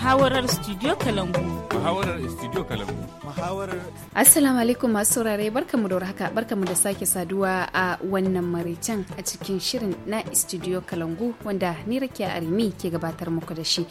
Muhawarar Studio Kalangu. Muhawarar Studio Kalangu. Assalamu alaikum masu saurare barkamu da warhaka barkamu da sake saduwa a wannan maraicen a cikin shirin na Studio Kalangu wanda ni Rakiya Arimi ke gabatar muku da shi.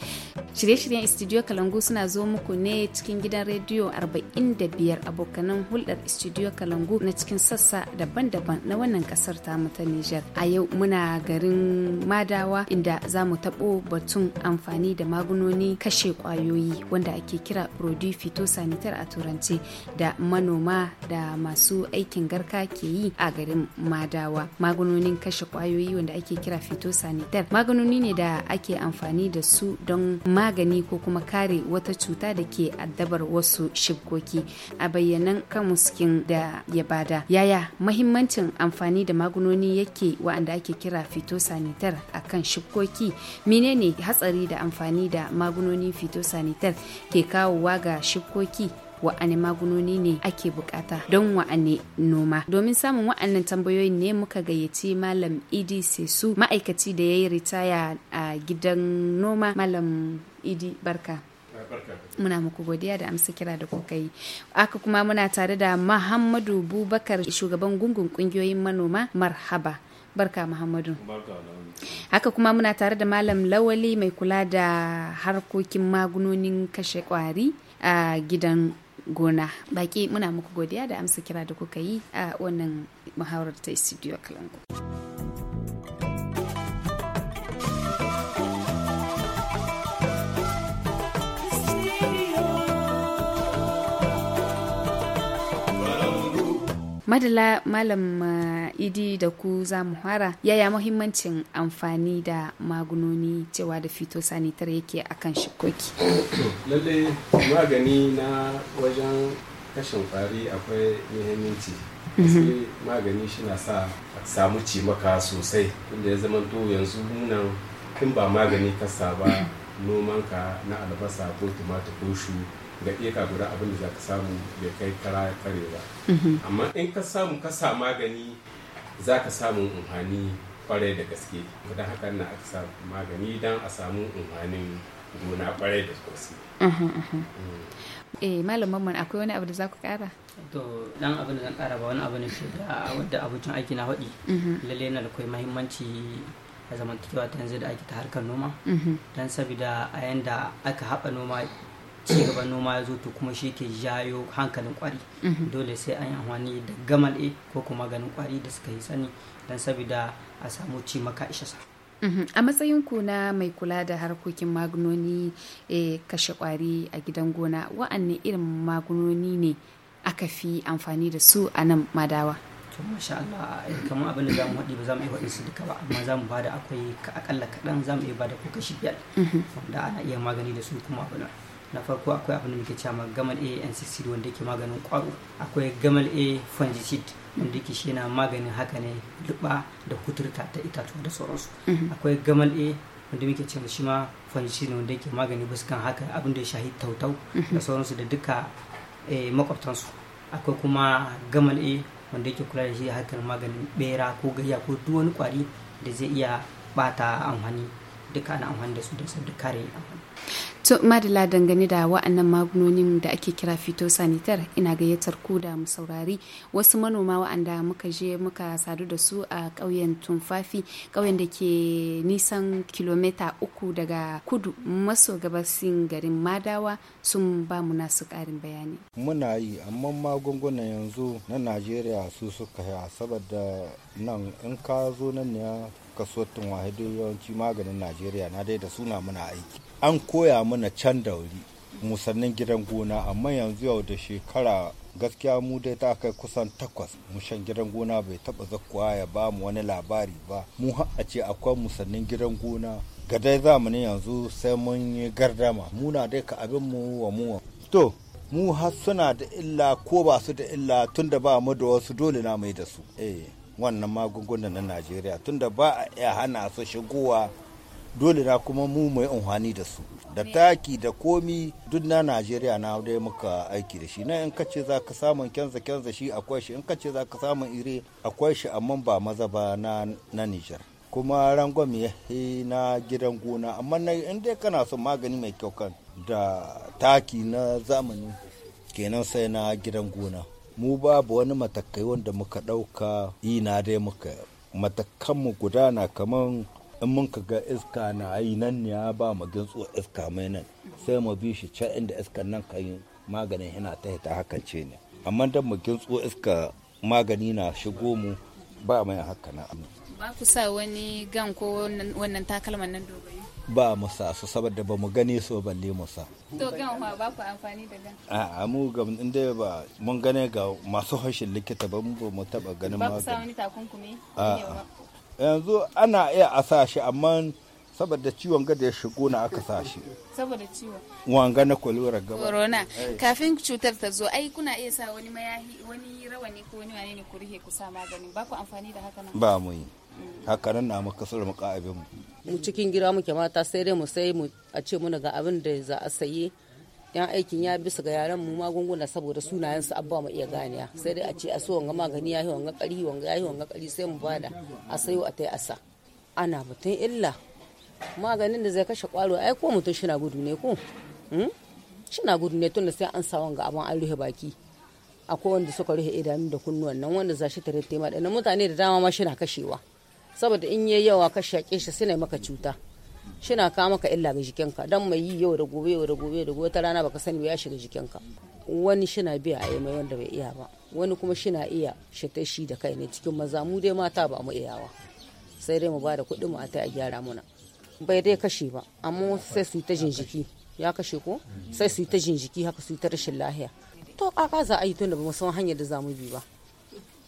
Shirye-shiryen Studio Kalangu suna zo muku ne cikin gidan rediyo 45 abokanan hulɗar Studio Kalangu na cikin sassa daban-daban na wannan kasar tamu ta Nijar. A yau muna garin Madawa inda za mu taɓo batun amfani da magunoni kashi kashe kwayoyi wanda ake kira produit sanitar a turance da manoma da masu aikin garka ke yi a garin madawa maganonin kashe kwayoyi wanda ake kira sanitar maganoni ne da ake amfani da su don magani ko kuma kare wata cuta da ke addabar wasu shibkoki a bayyanan kamuskin da ya bada yaya mahimmancin amfani da magunoni yake wa'anda ake kira fito a kan shibkoki menene hatsari da amfani da magunoni hanyoyin fitosanitar ke kawowa ga shukoki wa'ane magunoni ne ake bukata don wa'ane noma domin samun wa'annan tambayoyin ne muka gayyaci malam idi sesu ma'aikaci da ya yi ritaya a gidan noma malam idi barka muna muku godiya da amsa kira da kuka yi aka kuma muna tare da muhammadu bubakar shugaban gungun kungiyoyin manoma marhaba barka muhammadu haka kuma muna tare da malam lawali mai kula da harkokin magunonin kashe kwari a gidan gona baki muna muku godiya da amsa kira da kuka yi a wannan muhawarar ta studio kalangu madala malam eh, idi da ku za mu hara yaya muhimmancin amfani da magunoni cewa da phytosanitary yake a shi shukoki lalle magani na wajen kashin fari akwai muhimmanci mhm. sai magani shi na sa samu cimaka sosai inda ya zama to yanzu nan in ba magani ka saba ka na albasa ko tumatu ko shu da ka guda abin da za ka samu da kai kara kare ba mhm. amma in ka samu ka sa magani za ka samu umhani kwarai da gaske don haka na aka sa magani don a samu umhanin gona kwarai da gaske mhm, mhm. mm. eh malam mamman akwai wani abu da za ku kara to dan abin da zan kara ba wani abu ne da wadda abokin aiki na haɗi lalle na da kai mahimmanci a zamantakewa ta yanzu da ake ta harkar noma don sabida a yanda aka haɓa noma cigaban noma ya zo to kuma shi ke jayo hankalin kwari mhm. dole sai an yi amfani da gamal'e ko kuma ganin kwari da suka yi sani don sabida a samu ci maka sa mhm. a matsayin ku na mai kula da harkokin magunoni eh, kashe kwari a gidan gona wa'anne irin magunoni ne aka fi amfani da su a nan madawa to masha Allah eh, kamar abin da zamu haɗi ba zamu iya haɗin su duka ba amma zamu bada akwai akalla kaɗan zamu iya bada ko kashi biyar mhm. wanda ana iya magani da su kuma abin na farko akwai abin da muke cewa gamal a insecticide wanda yake maganin kwaro akwai gamal a fungicide wanda yake shi yana maganin haka ne luba da kuturta ta itatuwa da sauransu mhm. akwai gamal a wanda muke cewa shi ma fungicide wanda yake magani buskan haka abin da ya shahi tautau mhm. da sauransu da duka eh, makwabtansu akwai kuma gamal a wanda yake kula da shi harkar maganin bera ko gayya ko duk wani kwari da zai iya bata amfani duka ana amfani da su su da kare amfani To madala dangane da wa'annan magunonin da ake kira phytosanitary ina gayyatar ku da mu saurari wasu manoma wa'anda muka je muka sadu da su a ƙauyen Tumfafi ƙauyen da ke nisan kilomita uku daga kudu maso gabasin garin Madawa sun ba mu nasu ƙarin bayani. Muna yi amma magungunan yanzu na Najeriya su suka ya saboda nan in ka zo nan ne kaso tun wahidu yawanci maganin Najeriya na dai da suna muna aiki. an koya mana can da wuri musannin gidan gona amma yanzu yau da shekara gaskiya mu dai ta kai kusan takwas mushan gidan gona bai taba zakkuwa ya ba mu wani labari ba mu a ce akwai musannin gidan gona ga dai zamani yanzu sai mun yi gardama muna dai ka abin mu wa mu to mu har suna da illa ko ba su da illa tunda ba mu da wasu dole na mai da su eh wannan magungunan na Najeriya tunda ba a iya hana su shigowa dole na kuma mu mai amfani da su da taki da komi duk na najeriya na dai muka aiki da shi na in ka ce za ka samun kyanza kyanza shi akwai shi in ka ce za ka samun ire akwai shi amma ba maza ba na na nijar kuma rangon ya na gidan gona amma na in dai kana son magani mai kyau kan da taki na zamani kenan sai na gidan gona mu babu wani matakai wanda muka ɗauka na dai muka matakanmu gudana kamar in mun ka ga iska na yi nan ne ya ba mu gintsuwa iska mai nan sai mu bi shi can inda iskan nan kan yi maganin yana ta hita hakan ce ne amma dan mu gintsuwa iska magani na shigo mu ba mai haka na ba ku sa wani gan ko wannan takalman nan dogayi ba mu sa su saboda ba mu gane su balle mu sa to gan ba ku amfani da gan a mu ga inda ba mun gane ga masu hashin likita ba mu ba mu taba ganin magani ba ku sa wani takunkumi a yanzu ana iya a sa shi amma saboda ciwon gada ya shigo na aka sa shi saboda ciwon wanga na kwalwar gaba corona eh. kafin cutar ta zo ai kuna iya sa wani mayahi wani rawani ko wani wani ne ku rihe ku sa magani ba ku amfani da haka nan ba mu yi haka nan na mu kasar mu ka'abin mu mu cikin gida muke mata sai dai mu sai mu a ce muna ga abin da za a saye yan aikin ya bisa ga yaran mu magunguna saboda sunayen su abba mu iya ganiya sai dai a ce a so wanga magani yahi wanga kari wanga yahi wanga kari sai mu bada a sayo a tai asa ana mutum illa maganin da zai kashe kwaro ai ko mutun shi na gudu ne ko hmm? shi na gudu ne tunda sai an sa wanga abin an ruhe baki akwai wanda suka ruhe idanun da kunnuwan nan wanda za shi tare tema da mutane da dama ma shi na kashewa saboda in yayi yawa kashe shi sai maka cuta shina kawo maka illa ga jikinka dan mai yi yau da gobe yau da gobe da gobe ta rana baka sani ya shiga jikinka wani shina biya a mai wanda bai iya ba wani kuma shina iya shi ta shi da kai ne cikin maza mu dai mata ba mu iyawa sai dai mu ba da kuɗi mu a ta a gyara muna bai dai kashe ba amma sai su yi ta jinjiki ya kashe ko sai su yi ta jinjiki haka su yi ta rashin lahiya to kaka za a yi tun da ba mu san hanyar da za mu bi ba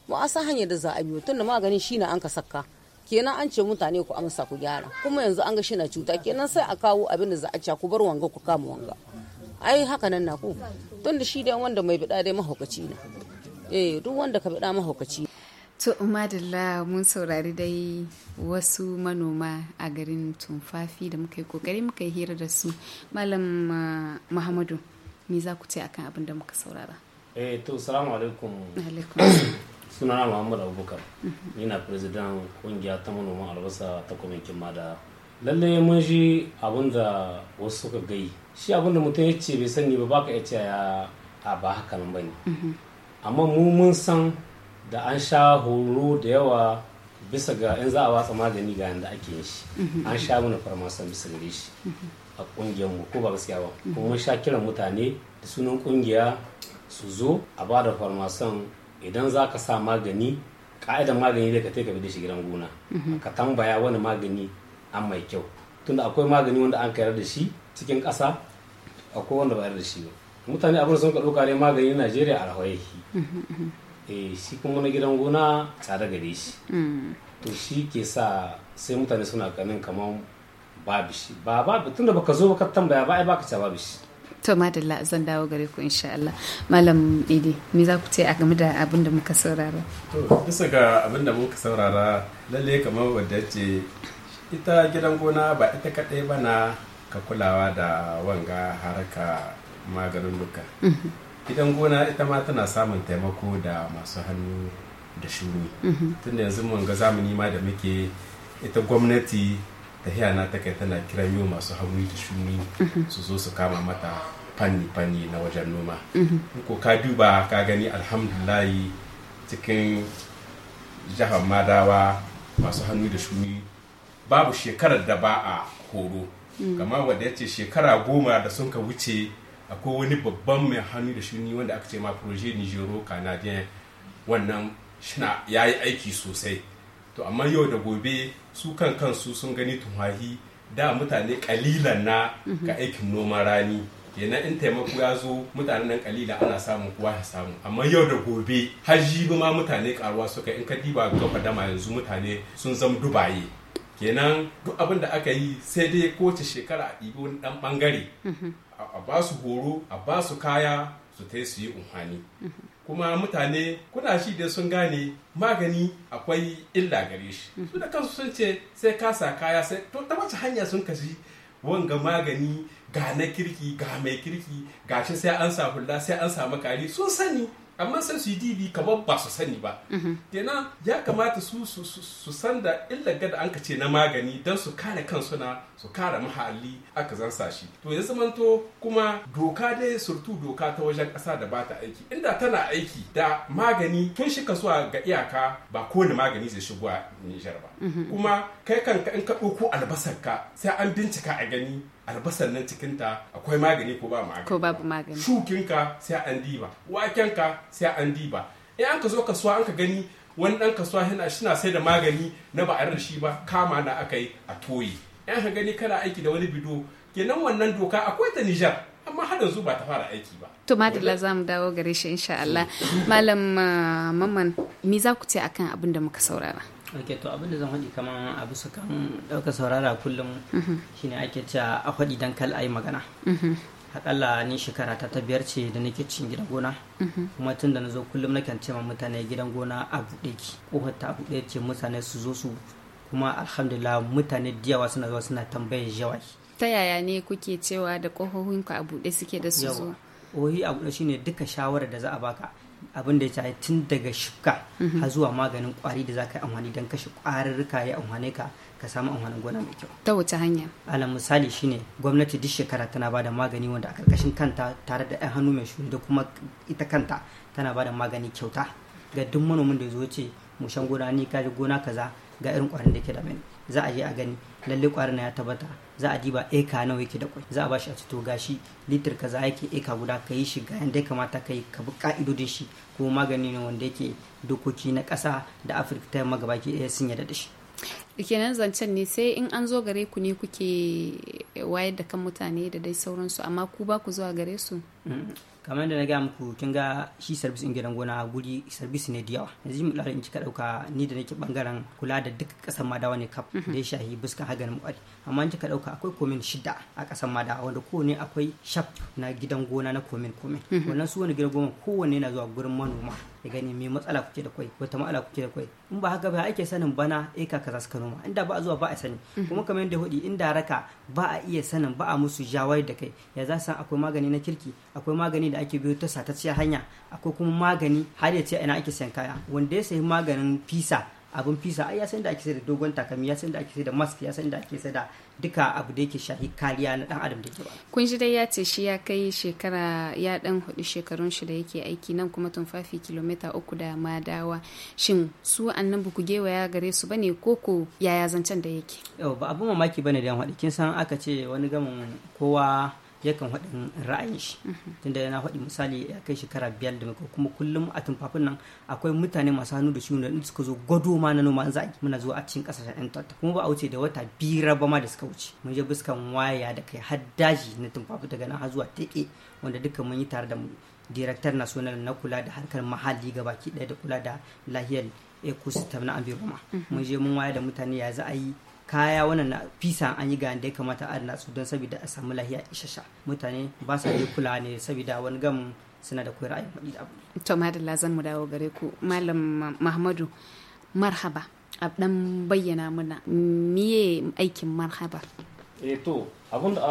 mu a san hanyar da za a bi tun da maganin shi na an ka saka. kenan an ce mutane ku amsa ku gyara kuma yanzu an ga shi na cuta kenan sai a kawo abin da za a ca ku bar wanga ku kama wanga ai haka nan na ku tun da shi dai wanda mai bida dai mahaukaci ne eh duk wanda ka bida mahaukaci to umadilla mun saurari dai wasu manoma a garin tumfafi da muka yi kokari muka yi hira da su malam ah, muhammadu me za ku ce akan abin da muka saurara eh to salamu alaikum alaikum sunana muhammad abubakar ni na firizidan kungiya ta manoman albasa ta kwamitin mada lalle mun shi abin da wasu suka gai shi abin da mutum ya ce bai sani ba baka ya ce a ba haka nan bane amma mu mun san da an sha horo da yawa bisa ga in za a watsa magani ga yadda ake yin shi an sha mana farmasan bisa gare shi a kungiyar mu ko ba gaskiya ba kuma mun sha kiran mutane da sunan kungiya su zo a ba da farmasan idan za ka sa magani ka'idan magani da ka ta ka da shi gidan gona mhm. ka tambaya wani magani an mai kyau tunda akwai magani wanda an kayar da shi cikin ƙasa akwai wanda ba da shi ba mutane abin sun ka ɗauka ne magani najeriya a rahoyi mhm, mhm. eh shi kuma na gidan gona tsada gare shi mm. to shi ke sa sai mutane suna ganin kamar babu shi ba babu tunda baka zo ka tambaya ba ai baka ca babu shi to madalla zan dawo gare ku insha Allah malam idi me za ku ce a game da abin da muka saurara to bisa ga abin da muka saurara lalle kamar wadda ce ita gidan gona ba ita kadai ba na ka kulawa da wanga haraka maganin duka mhm. gidan gona ita ma tana samun taimako da masu hannu da shuni mhm. tunda yanzu mun ga zamani ma da muke ita gwamnati tahiya na ta kai tana yau masu hauri da shuni mhm. su zo su kama mata fanni-fanni na wajen noma mhm. ko ka duba ka gani alhamdulahi cikin jihar madawa masu hannu da shuni babu shekarar da ba a horo mm. kama wanda ya ce shekara goma da sun ka wuce akwai wani babban mai hannu da shuni wanda aka ce ma proje nigero canadien wannan ya yi aiki sosai to amma yau da gobe su kan kansu sun gani tumahi da mutane kalilan na mhm. ga aikin noman rani kenan in taimako ya zo mutanen nan kalila ana samun kowa ya samu amma yau da gobe hajji ma mutane karuwa suka in ka diba ga dama yanzu mutane sun zama dubaye kenan duk abin da aka yi sai dai kowace shekara a ɗibi wani ɗan ɓangare mhm. a basu horo a basu kaya su ta su yi umhani mhm. kuma mutane kuna shi da sun gane magani akwai illa gare shi mhm. su da kansu sun ce sai ka sa kaya sai to ta wace hanya sun kashi wanga magani ga na kirki ga mai kirki gashi sai an sa hula sai an samu kari sun sani amma sai su yi didi kamar ba su sani ba mhm. kenan ya kamata su su san da illa gada an ce na magani don su kare kansu na su kare mahalli aka zansa shi to ya zamanto kuma doka dai surtu doka ta wajen ƙasa da bata aiki inda tana aiki da magani tun shi zuwa ga iyaka ba kowane magani zai shigo a Nijar ba mhm. kuma kai kanka in ka ɗauko ka sai an bincika a gani albasar nan cikin ta akwai magani ko ba magani ko babu magani shukinka sai an diba wakenka sai an diba in an ka zo kasuwa an ka gani wani dan kasuwa yana shina sai da magani na ba a shi ba kama na akai a toyi yan ka gani kana aiki da wani bido kenan wannan doka akwai ta Nijar amma har yanzu ba ta fara aiki ba to madalla za mu dawo gare shi insha Allah malam eh, mamman me za ku ce akan abin da muka saurara ake to abin da zan faɗi kaman abu su kan ɗauka saurara kullum mhm. shine ake cewa a faɗi dan kal ayi magana mhm. akalla ni shekara ta biyar ce da nake cin gidan gona mhm. kuma tun da na zo kullum nakan ce ma mutane gidan gona a buɗe ki ƙofar ta buɗe ce mutane su zo su kuma alhamdulillah mutane da yawa suna zuwa suna tambayar jawai ta yaya ne kuke cewa da ƙofofinku a buɗe suke da su zo ohi a buɗe shine duka shawarar da za a baka abin da ya tayi tun daga shuka. Mhm. har zuwa maganin kwari da za ka yi amfani don kashe kwarurruka ya amfani ka ka samu amfanin gona mai kyau ta wuce hanya Alam misali shine gwamnati duk shekara tana bada magani wanda a karkashin kanta tare da ɗan hannu mai shuni da kuma ita kanta tana bada magani kyauta ga duk manomin da ya zo ce mu shan gona ni ka gona kaza ga irin kwarin da ke da mini za a je a gani lalle kwarin ya tabbata za a diba eka nawa yake da kwai za a bashi a cito gashi litir kaza yake eka guda ka yi shi ga yanda ya kamata ka yi ka bi ka'idodin shi ko magani ne wanda yake dokoki na kasa da afirka ta yamma gabaki ɗaya sun yarda da shi kenan zancen ne sai in an zo gare ku ne kuke wayar da kan mutane da dai sauransu amma ku ba ku zuwa gare su kamar da na gaya muku kin ga shi sarbis in gidan gona guri sarbis ne da yawa yanzu mu in kika dauka ni da nake bangaren kula da duk kasar madawa ne kaf mhm. da ya shahi buskan haganin mu amma kika dauka akwai komin shida a kasan mada wanda kowane akwai shaf na gidan gona na komin komin mhm. wannan su wani gidan goma kowane na zuwa gurin manoma ya gani me matsala kuke da kwai wata matsala kuke da kwai in ba haka ba ake sanin bana eka kaza suka noma inda ba a zuwa ba a sani mhm. kuma kamar yadda hudi inda raka ba a iya sanin ba a musu jawar da kai ya za san akwai magani na kirki akwai magani da ake biyo ta satacciya hanya akwai kuma magani har ya ce ina ake sayan kaya wanda ya sayi maganin fisa abin fisa ai ya san da ake sai da dogon takami ya san da ake sai da mask ya san da ake sai da duka abu da yake shahi kariya na dan adam da ke ba kun ji dai ya ce shi ya kai shekara ya dan hudu shekarun shi da yake aiki nan kuma tumfafi kilomita uku da madawa shin su annan gewa ya gare su bane koko yaya zancen da yake yau ba abin mamaki bane da yan hudu kin san aka ce wani gamin kowa yakan haɗin ra'ayin shi mhm. tunda yana haɗi misali ya kai shekara biyar da muka kuma kullum a tumfafin nan akwai mutane masu hannu da shi da suka zo gado ma na noma zaki muna zuwa a cikin kasashen yan tatta kuma ba a wuce da wata biyar ba ma da suka wuce mun je buskan waya da kai har daji na tumfafin daga nan har zuwa teke wanda dukkan mun yi tare da mu national na kula da harkar mahalli gabaki ɗaya da kula da lahiyar ecosystem na ambiroma. Mhm. mun je mun waya da mutane ya za a yi kaya wannan na fisa an yi ga da ya kamata a adana su don saboda a samu lahiya isasha mutane ba sa yi kula ne saboda wani gam suna da a ayyukan da abu. to madalla zan mu dawo gare ku malam mahmadu marhaba a dan bayyana mana miye aikin marhaba. eh to abin da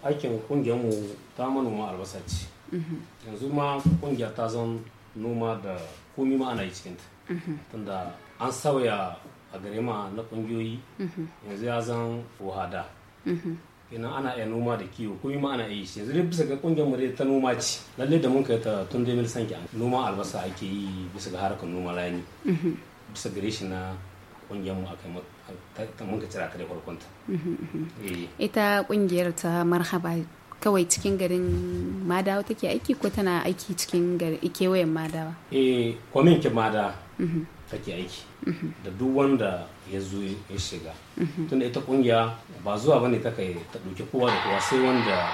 aikin kungiyar mu ta manoma albasa ce mhm. yanzu ma kungiyar ta zan noma da komi ma ana yi cikinta mhm. tunda an sauya a gare ma na kungiyoyi mhm. yanzu ya zan fuhada mhm. kenan ana iya noma da kiwo kuma ma ana yi yanzu dai bisa ga kungiyar mu dai ta noma ce lalle da mun kai ta tun 2005 noma albasa ake yi bisa ga harkar noma layani mhm. bisa gare shi na kungiyar mu aka mun ka cira ta da farkon ta eh. ita kungiyar ta marhaba kawai cikin garin madawa take aiki ko tana aiki cikin garin kewayen madawa eh kwamin ki madawa take aiki mhm. da duk wanda ya zo ya shiga mhm. tunda ita kungiya ba zuwa bane ta kai ta ɗauki kowa da kowa sai wanda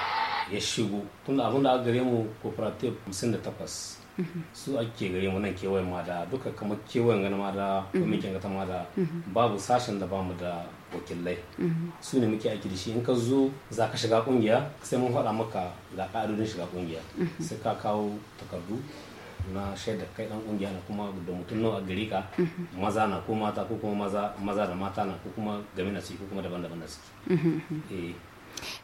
ya shigo tunda abin da aka gare mu cooperative takwas, mhm. su ake gare mu nan kewayen ma da duka kamar kewayen gani ma da kwamitin gata ma da babu sashen da bamu da wakilai su ne muke aiki da shi in ka zo za ka shiga kungiya sai mun faɗa maka ga ka'adodin shiga kungiya sai ka kawo takardu na shaida kai dan kungiya na kuma da mutum nawa gari ka mhm. maza na ko mata ko kuma maza da mata na ko kuma game na su ko kuma daban-daban na su mhm, mhm. eh.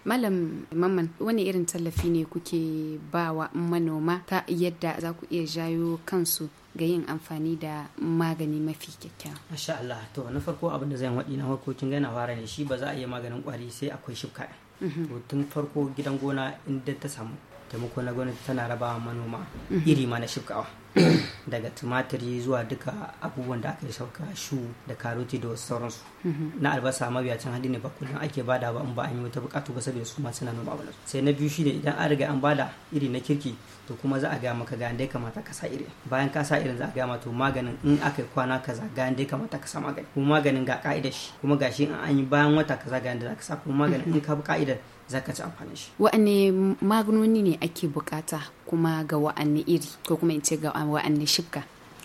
Malam Mamman wani irin tallafi ne kuke bawa manoma ta yadda za ku iya jayo kansu ga yin amfani da magani mafi kyakkyawa. Masha Allah to na farko abin da zan waɗi na harkokin gana fara ne shi ba za a iya maganin ƙwari sai akwai shifka. to tun farko gidan gona inda ta samu taimako na gwamnati tana rabawa manoma mhm. iri ma na shifkawa daga tumatiri zuwa duka abubuwan da aka yi sauka shu da karoti da sauransu mhm. na albasa mabiyacin hali ne ba kullum ake bada ba in ba an yi wata bukatu ba saboda su ma suna noma ba sai na biyu shine idan an riga an bada iri na kirki to kuma za a gaya maka ga ya kamata ka sa iri bayan ka sa irin za a gaya ma to maganin in aka yi kwana kaza ga ya kamata ka sa magani kuma maganin ga ka'idar shi kuma gashi in an yi bayan wata kaza ga yanda za ka sa kuma maganin in ka bi ka'idar za ci amfani shi. Wa'anne magunoni ne ake bukata kuma ga wa'anne iri ko kuma in ce ga wa'anne shifka?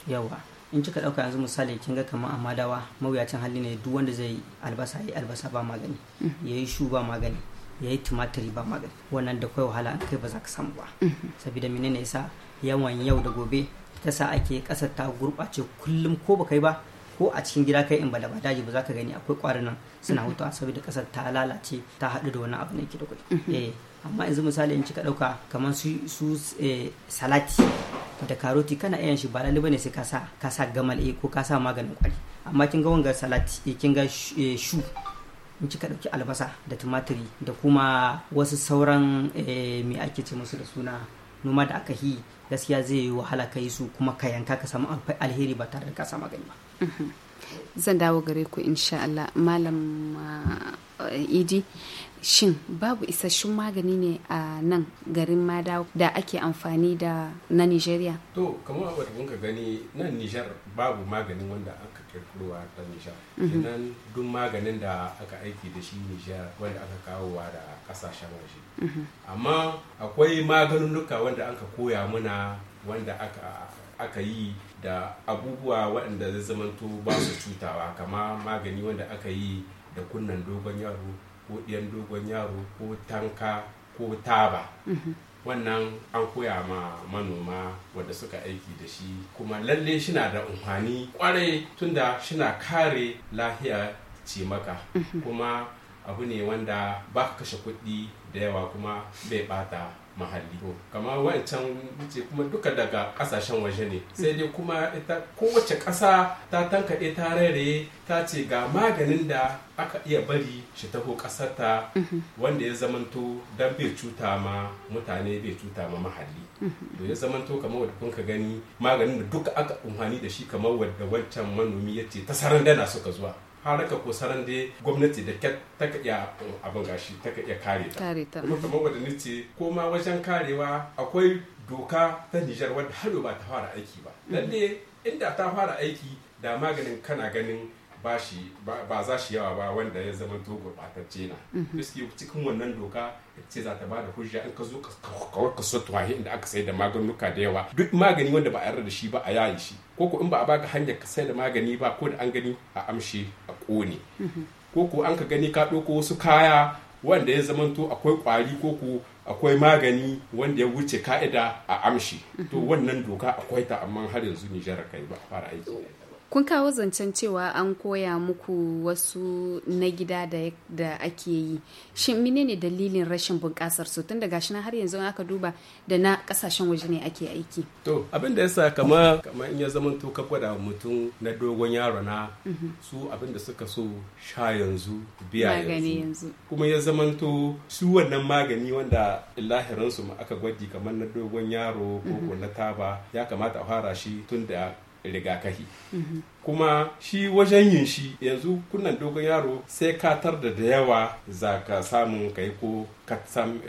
Yawa. In kika ɗauka yanzu misali kin ga kamar amma mawuyacin hali ne duk wanda zai albasa ya yi albasa ba magani, mm-hmm. ya yi shu ba magani, ya tumatiri ba magani. Wannan da kai wahala kai ba za ka samu ba. Mm-hmm. Saboda menene yasa yawan yau da gobe ta sa ake ƙasar ta gurɓace kullum ko ba kai ba ko a cikin gida kai in ba ba daji ba za ka gani akwai kwarin nan suna hutawa mm-hmm. saboda kasar ta lalace ta haɗu da wani abu ne ke da kuɗi mm-hmm. eh, amma yanzu misali in cika ɗauka kamar su eh, salati da karoti kana iya shi ba lalle ne sai ka sa ka sa gamal eh ko ka sa maganin kwari amma kin ga wanga salati eh, kin ga shu in kika dauki albasa da tumatiri da kuma wasu sauran me ake ce musu da suna noma da aka yi gaskiya zai yi wahala ka yi su kuma ka yanka ka samu alheri ba tare da ka sa magani ba zan dawo gare ku insha Allah malam eh, idi shin babu isasshun magani ne a nan garin mada da ake amfani da na nigeria to kamar abu da ka gani nan nijar babu maganin wanda aka kirkirowa ta nijar mhm. kenan duk maganin da aka aiki da shi nijar wanda aka kawo wa da kasashen waje mhm. amma akwai maganin duka wanda aka koya muna wanda aka yi da abubuwa waɗanda zai zamanto ba su cutawa kama magani wanda aka yi da kunnan dogon yaro ko ɗiyan dogon yaro ko tanka ko taba mhm. wannan an koya ma manoma wanda suka aiki da shi kuma lalle shina da umfani kwarai tunda shina kare lahiya ce maka mhm. kuma abu ne wanda ba kashe kuɗi da yawa kuma bai bata mahalli kama wancan wuce kuma duka daga kasashen waje ne sai dai kuma ita kowace ƙasa ta tankaɗe ta rairaye ta ce ga maganin da aka iya bari shi taho ƙasarta mhm. wanda ya zamanto don bai cuta ma mutane bai cuta ma mahalli mhm. to ya zamanto kamar wadda kun ka gani maganin da duka aka umhani da shi kamar wadda wancan manomi ya ce ta sarandana suka zuwa haraka ko saran dai gwamnati da ta ka iya abin gashi ta ka iya kare ta kuma kamar wadda nace ko ma wajen karewa akwai doka ta Nijar wadda har ba ta fara aiki ba lalle inda ta fara aiki da maganin kana ganin ba za shi yawa ba wanda ya zama to gurɓatacce na mhm. riski cikin wannan doka ce za ta bada hujja in ka zo kawar ka so tuwahi inda aka sai da maganuka da yawa duk magani wanda ba a yarda da shi ba a yayi shi ko ko in ba a baka hanyar ka sayar da magani ba ko da an gani a amshi a kone mhm. ko ko an ka gani ka ɗauko wasu kaya wanda ya zamanto akwai kwari ko ko akwai magani wanda ya wuce ka'ida a amshi to mhm. wannan doka akwai ta amma har yanzu nijar kai ba a fara aiki kun kawo zancen cewa an koya muku wasu na gida da ake yi shin menene dalilin rashin bunƙasar su tun daga shi har yanzu aka duba da na ƙasashen waje ne ake aiki to abin da sa kama kama in ya zama to ka gwada mutum na dogon yaro na mhm. su abin da suka so sha yanzu biya yanzu kuma ya zama to su wannan magani wanda lahirin su aka gwaji kamar na dogon yaro mhm. ko na taba ya kamata a fara shi tun da rigakafi mhm. kuma shi wajen yin shi yanzu kunnan dogon yaro sai ka tar da da yawa za ka samu kai yi ko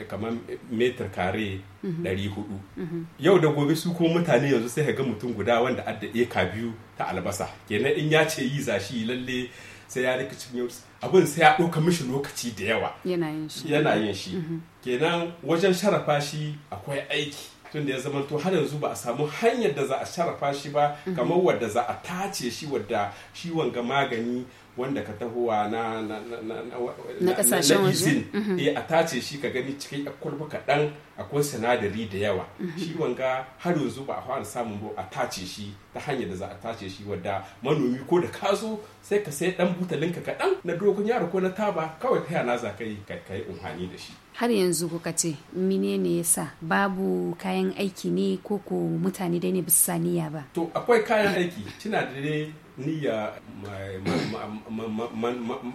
kamar metar kare 400 mhm. mhm. yau da gobe su ko mutane yanzu sai ga mutum guda wanda adda eka biyu ta albasa kenan in ya ce yi zashi lalle sai ya rikicin yau abin sai ya ɗauka mishi lokaci da yawa yana yin shi kenan wajen sharafa shi akwai aiki tun da ya zama to har yanzu ba a samu hanyar da za a sharafa shi ba mhm. kamar wadda za a tace shi wadda shi wanga magani wanda ka tahowa na na na mhm. eh a tace shi ka gani cikin kwalba kaɗan akwai sinadari da yawa mhm. shi wanga har yanzu ba a fara samun ba a tace shi ta hanyar da za a tace shi wadda manomi ko da kaso sai ka sai dan butalinka kaɗan na dogon yaro ko na taba kawai ta na za ka yi ka yi umhani da shi har yanzu kuka ce menene yasa babu kayan aiki ne ko ko mutane dai ne bisaniya ba to akwai kayan aiki kina da dai niyya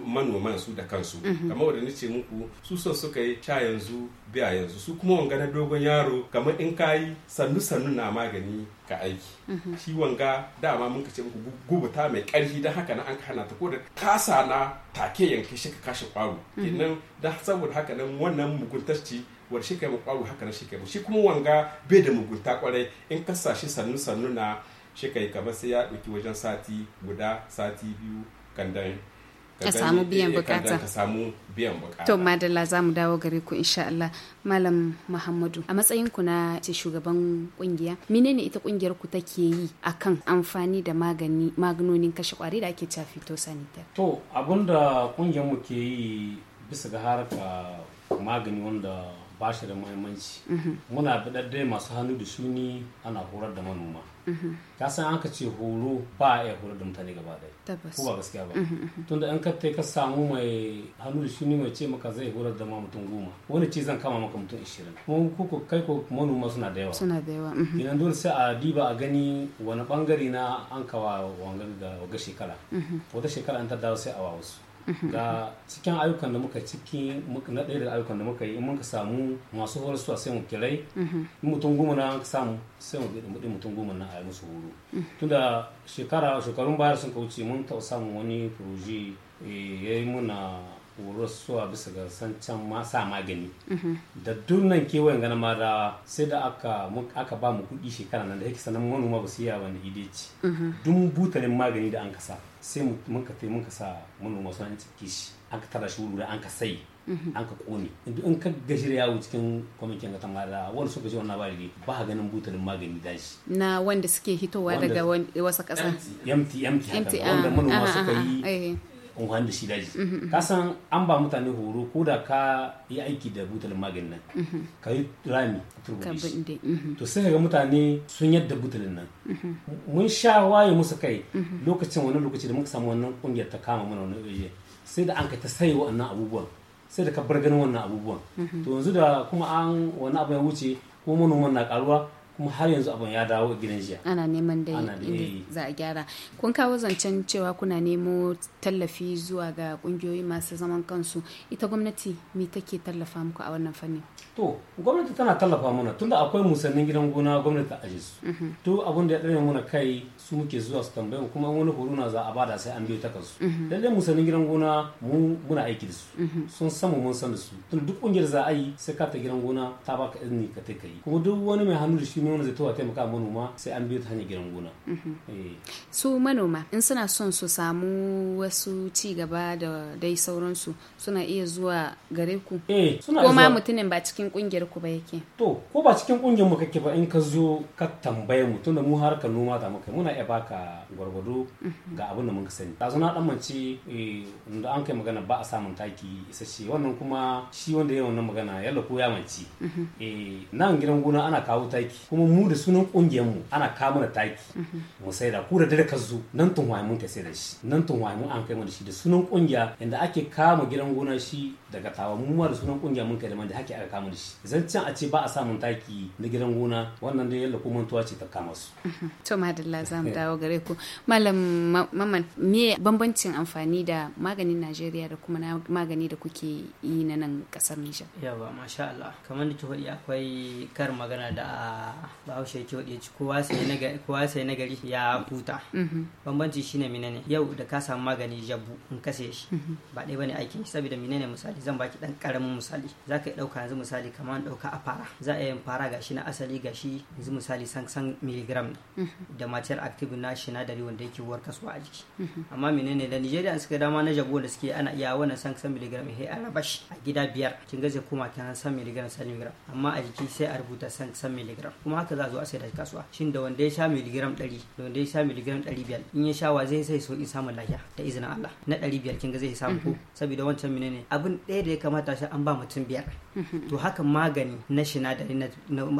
manoman su da kansu mhm. kamar wadda nace muku su son suka yi sha yanzu biya yanzu su kuma wanga na dogon yaro kamar in kayi sannu sannu na magani ka aiki mhm. shi wanga dama mun ka ce muku gubuta mai karfi don haka na an hana ta ko da kasa na take yanke shi ka kashe kwaro mhm. kenan da saboda haka nan wannan muguntarci wanda shi kai mu kwaro haka na shi kai mu shi kuma wanga bai da mugunta kwarai in ka sa shi sannu sannu na shi kai kamar sai ya ɗauki wajen sati guda sati biyu kandan ka samu biyan eh, bukata ka samu biyan bukata to madalla za mu dawo gare ku insha Allah malam Muhammadu a matsayin ku na ce shugaban kungiya menene ita kungiyar ku take yi akan amfani da magani maganonin kashe kwari da ake fito sanitar to abinda kungiyar mu ke yi bisa ga harka magani wanda ba shi da muhimmanci mhm. muna fitar dai masu hannu da suni ana horar da manoma mhm. ka san an ka ce horo ba a iya horar da mutane gaba ɗaya ko ba gaskiya ba mhm, tunda an ka ka samu mai hannu da suni mai ce maka zai horar da ma mutum goma wani ce zan kama maka mutum ishirin kuma ko kai ko manoma suna da yawa suna da yawa idan dole sai a diba a gani wani bangare na an kawa wangar da shekara wata shekara an ta dawo sai a wa wasu ga cikin ayyukan da muka ciki na ɗaya da ayyukan da muka yi in muka samu masu horaswa sai mu kirai mhm. in mutum goma na ka samu sai mu bi mutum goma na a yi musu horo mhm. tunda shekara shekarun bayar sun wuce mun taɓa samun wani furoji eh, ya yi muna horaswa bisa ga sancan sa magani mhm. da dunnan kewayen ma da sai da aka ba mu kudi shekara nan da yake sanan manoma ba su yi wani ide ci mhm. dun butalin magani da an kasa sai mun ka mun ka sa manoma sun cike shi an ka tara shi wuri an ka sai mhm. an ka kone in ka gashi da yawo cikin kwamitin ga tamara wani suka ji wannan ba ne ba ka ganin butalin magani da shi na wanda suke hitowa daga wasu ƙasa yamti yamti haka wanda ah, manoma ah, suka ah, yi eh, eh. unhani da shi daji mhm. ka san an ba mutane horo ko da ka yi aiki da butalin maganin nan mhm. ka yi rami mhm. to sai ga mutane sun yadda butalin nan mun sha waye musu kai lokacin wani lokaci da muka samu wannan kungiyar ta kama mana wani oje sai da an ka ta sai wannan abubuwan sai da ka bar ganin wannan abubuwan to yanzu da kuma an wani abu ya wuce ko manoman na karuwa kuma har yanzu abin ya dawo gidan jiya ana neman da eh. za a gyara kun kawo zancen cewa kuna nemo tallafi zuwa ga kungiyoyi masu zaman kansu ita gwamnati me take tallafa muku a wannan fannin to gwamnati tana tallafa mana tunda akwai musannin gidan gona gwamnati a jisu to mhm. abin da ya dare mana kai su muke zuwa su tambaye kuma wani na za a bada sai an biyo ta kansu mhm. lalle musannin gidan gona mu muna aiki da su mhm. sun san mu mun san da su tun duk kungiyar za a yi sai ka ta gidan gona ta baka izini ka ta kai kuma duk wani mai hannu da shi nuna zai towa taimaka manoma sai an biyo ta hanyar gidan gona mhm. eh. su manoma in suna son su samu wasu ci gaba da dai sauransu suna iya zuwa gare ku eh, ko ma mutumin ba cikin kungiyar ku ba yake to ko ba cikin kungiyar mu kake ba in ka zo ka tambaye mu tunda mu har ka noma ta muka muna iya baka gwargwado mhm. ga abin da ka sani dazu na dan mance eh, da an kai magana ba a samun taki isasshe wannan kuma shi wanda ya wannan magana yalla ko ya mance mhm. eh nan gidan gona ana kawo taki kuma mu da sunan kungiyar mu ana kama da taki mhm. mu sai da kura da dare ka zo nan tun mun ta sai da shi nan tun mun an kai da shi da sunan kungiya inda ake kama gidan gona shi daga tawa mu ma da sunan kungiya mun kai da man da aka kama da shi zancen a ce ba a samun taki na gidan gona wannan dai yalla ko mantuwa ce ta kama su mhm. to madalla za mu eh. dawo gare ku malam maman me bambancin amfani da maganin Najeriya da kuma magani da kuke yi na nan kasar Nijar yawa masha Allah kamar da ki faɗi akwai kar magana da bahaushe yake waɗe ci kowa sai na gari ya huta mhm. bambanci shine menene yau da ka samu magani jabu in ka saya shi mhm. ba ɗaya bane aiki shi saboda menene misali zan baki dan karamin misali za ka ɗauka yanzu misali kamar ɗauka a fara za a yin fara gashi na asali gashi yanzu misali san san miligram ne mhm. da matiyar active na sinadari wanda yake kasuwa a jiki amma menene da nigeria suka dama na jabu wanda suke ana iya wannan san san miligram he a raba shi a gida biyar kin ga zai koma kenan san miligram san miligram amma a jiki sai a rubuta san san miligram haka za a zo a sai da kasuwa shin da wanda ya sha miligram ɗari, da wanda ya sha miligram biyar, in ya sha wa zai sai in samun lafiya ta izinin Allah na 500 kin ga zai samu ko mhm. saboda wancan menene abin ɗaya da ya kamata shi an ba mutum biyar mhm. to haka magani na sinadari na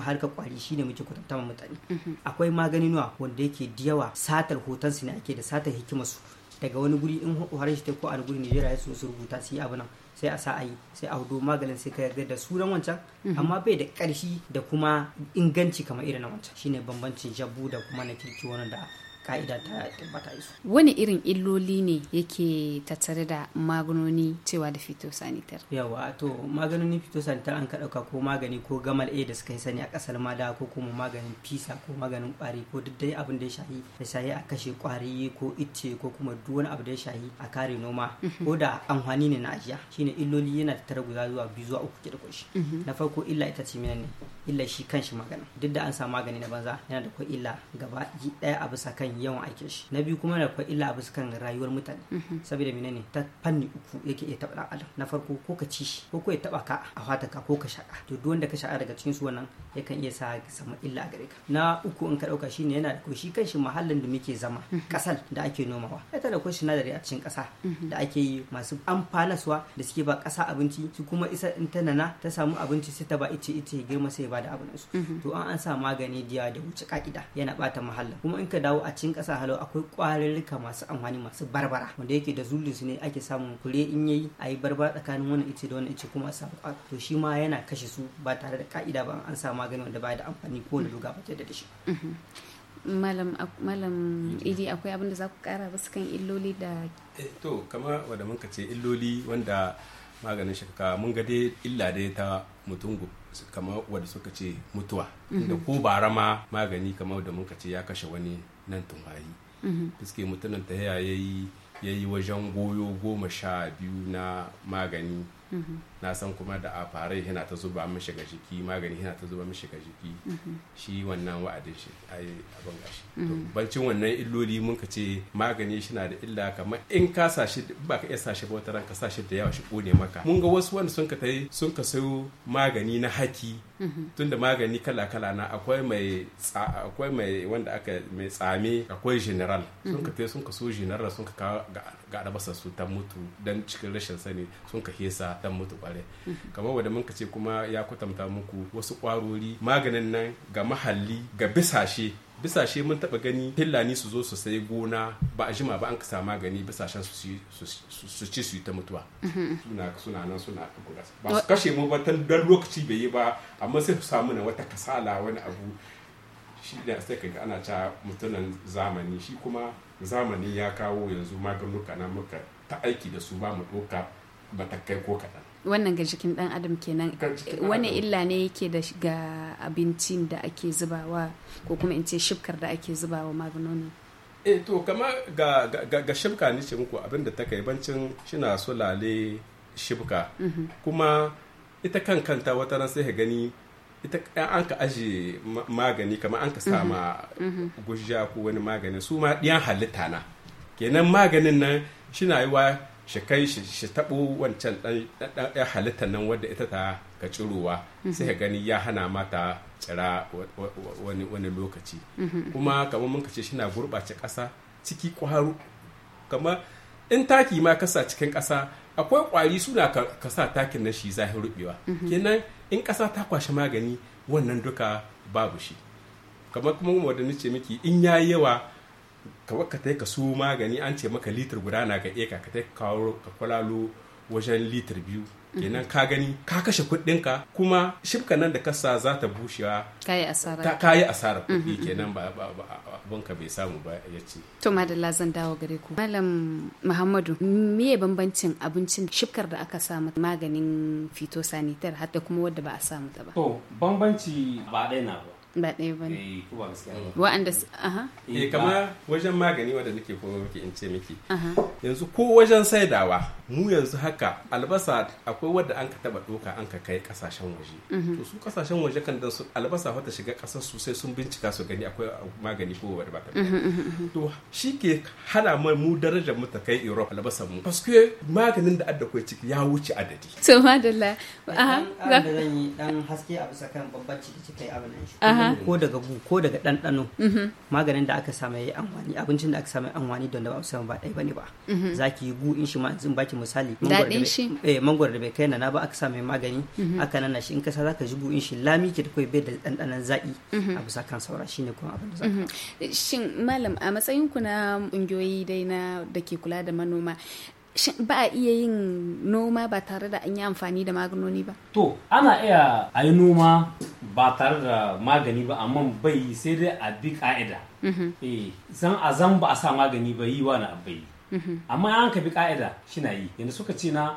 harkar kwari shi ne muke kwatanta ma mutane mhm. akwai magani nawa wanda yake da yawa satar hoton su ne ake da satar hikimar su daga wani guri in har shi ko a guri Nigeria ya so su rubuta su yi abu nan sai a sa a yi sai a hudu maganin sai ka yarda da sunan wancan mhm. amma bai da ƙarfi da kuma inganci kamar irin na wancan shine bambancin jabu da kuma na kirki wani da ka'ida ta tabbata isu wani irin illoli ne yake tattare da magunoni cewa da fitosanitar? yawa to maganoni fitosanitar an ka ko magani ko gamal a da suka yi sani a ma mada ko kuma maganin pisa ko maganin ƙwari ko duk dai abin da ya shahi ya shahi a kashe ƙwari ko itce ko kuma duk wani abu da ya shahi a kare noma mhm. ko da amfani ne na ajiya shine illoli yana tara guda zuwa biyu zuwa uku ke da kunshi mhm. na farko illa ita ce ne illa shi kanshi magana duk da an sa magani na banza yana da ko illa gaba ɗaya a bisa kan yawan aikin shi na biyu kuma da akwai illa a fuskan rayuwar mutane mhm. saboda ne ta fanni uku yake iya taɓa adam na farko ko ka ci shi ko ko ya taɓa ka a fata ko ka shaƙa to duk wanda ka shaƙa daga cikin su wannan yakan iya sa ka samu illa a gare ka na uku in ka ɗauka ne yana da shi kanshi mahallin da muke zama mhm. ƙasar da ake nomawa ita da na sinadari a cikin kasa mhm. da ake yi masu amfanaswa da suke ba kasa abinci su kuma isa in ta nana ta samu abinci sai ta ba ice ice girma sai ba da abin su to an an sa magani diya da wuce ka'ida yana bata mahallin kuma in ka dawo a cikin ƙasa halau akwai ƙwararruka masu amfani masu barbara wanda yake da zulun su ne ake samun kule in yayi a yi barbara tsakanin wannan ice da wannan ice kuma a samu to shi ma yana kashe su ba tare da ka'ida ba an sa magani wanda ba da amfani ko wani luga ba ta da shi. Mm-hmm. malam idi akwai abin da za ku kara su kan illoli da eh, to kama wanda mun ce illoli wanda maganin ka mun ga dai illa dai ta mutungu kama wadda suka ce mutuwa mm-hmm. da ko barama magani kama wadda mun ce ya kashe wani nan tungayi mm-hmm. fiske mutumin ta yayi ya wajen goyo goma sha biyu na magani Mm-hmm. na san kuma da a farai yana ta zuba mun shiga jiki magani yana ta zuba mun shiga jiki mm-hmm. shi wannan wa'adin shi ai abin gashi to mm-hmm. bancin wannan illoli mun ka ce magani shi na da illa kamar in ka sa shi ba ka iya sa shi ba wata ran ka sa shi da yawa shi kone maka mun ga wasu wanda sun ka tai sun ka sayo magani na haki tunda magani kala kala na akwai mai akwai mai wanda aka mai tsame akwai general sun ka tai sun ka so general sun ka ga ga albasa su ta mutu dan cikin rashin sani sun ka hesa dan mutu kwarai kamar wanda mun ce kuma ya kwatanta muku wasu kwarori maganin nan ga mahalli ga bisashe bisashe mun taba gani hillani su zo su sai gona ba a jima ba an kasa magani bisashen su ci su ta mutuwa suna suna nan suna gura ba su kashe mu ba tan dan lokaci bai yi ba amma sai su samu na wata kasala wani abu shi da sai kaga ana ta mutunan zamani shi kuma zamani ya kawo yanzu maganuka na muka ta aiki da su ba mu doka ba ta kai ko kaɗan wannan ga jikin ɗan adam kenan wani illa ne yake da ga abincin da ake zubawa ko kuma in ce shifkar da ake zubawa maganoni eh to kama ga, ga, ga shifka ni ce muku abin da ta kai bancin shina sulale shifka mhm. kuma ita kan kanta wata ran sai ka gani ita an ka aje magani kama an ka sama mhm. mhm. gujja ko wani magani su ma ɗiyan halitta na kenan maganin nan shina yi wa shi kai shi shi taɓo wancan ɗan halitta nan wadda ita ta ka mhm. sai ka gani ya hana mata tsira wani lokaci mhm. kuma kamar mun ce shi na gurɓace ƙasa ciki kwaro kamar in taki ma kasa cikin kasa akwai kwari suna kasa takin na shi zahin rubewa mhm. kenan in ƙasa ta kwashe magani wannan duka babu shi kamar kuma wadda nace miki in yayi yawa kawai ka ka su magani an ce maka litir guda na ga eka ka ta kawo ka kwalalo wajen litir biyu mhm. kenan ka gani ka kashe kuɗinka kuma shifka nan da kasa za ta bushewa ka yi asara. kuɗi mhm. kenan ba abinka bai samu ba ya ce to madalla zan dawo gare ku malam muhammadu meye bambancin abincin shifkar da aka samu maganin fito har da kuma wadda ba a samu ta ba to bambanci ba ɗaya na ba ba ɗaya ba ne eh, wa'anda aha eh, eh, kama wajen magani wadda nake kuma muke in ce miki yanzu ko wajen saidawa mu yanzu haka albasa akwai wadda an ka taba doka an ka kai kasashen waje mhm. to su kasashen waje kan dan su albasa wata shiga kasar su sai sun bincika su gani akwai magani ko wadda ba ta mhm, mhm, to shi ke hana mu darajar mu ta kai Europe albasa mu paske maganin da adda kai ciki ya wuce adadi to madalla aha ga yi dan haske a bisa kan babban ciki ciki abin nan ko daga gu ko daga ɗanɗano mhm. maganin da aka samu yi amfani abincin da aka samu amfani don da ba samu ba ɗaya bane ba mhm. Za ki yi gu in shi ma zan baki misali eh, mangwaro da bai kai na ba aka samu magani mhm. aka nana shi in kasa za ka ji gu in shi lami ke da kai bai da ɗanɗanon zaki a bisa kan saura shine kuma abin da zaka shin malam a matsayin ku na ƙungiyoyi dai na da ke kula da manoma shin ba a iya yin noma ba tare da an yi amfani da maganoni ba to ana iya a yi noma ba tare da magani ba amma bai sai dai a bi ka'ida mhm. eh, zan a zan ba a sa magani ba yi wani na bai mhm. amma an ka bi ka'ida shi na yi yanzu suka ce na